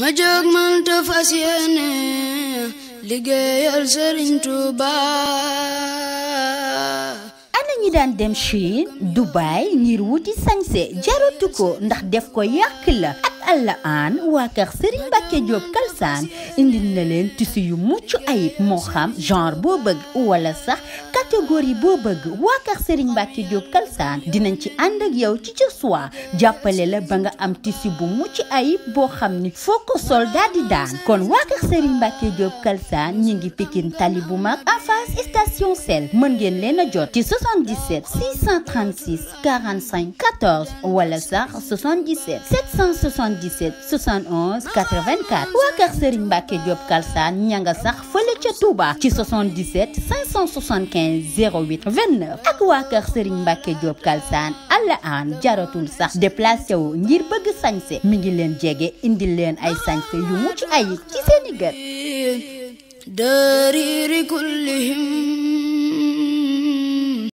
ma jóg te fas yéene liggéeyal Serigne Touba. ana ñi daan dem Chine Dubai ngir wuti sañse jaratu ko ndax def ko yàq la. Alla An waa kër Serigne Mbacke Diop Kalsaan indil na leen tissu yu mucc ayib moo xam genre boo bëgg wala sax catégorie boo bëgg waa kër Serigne Mbacke Kalsaan dinañ ci ànd ak yow ci ci jàppale la ba nga am tissu bu mucc ayib boo xam ni foo ko sol daal di daan kon waa kër Serigne Mbacke Kalsaan ñi ngi Pikine tali bu mag en face station sel mën ngeen leen a jot ci 77 wala sax 77 71 84 waa kër Serigne Mbacke Diop Kalsane ña nga sax fële ca Touba ci 77 575 08 29 ak waa kër Serigne Mbacke Diop Kalsane jaratul sax déplacé wu ngir bëgg sañse mi ngi leen jege indil leen ay sañse yu mucc ay ci seeni gët.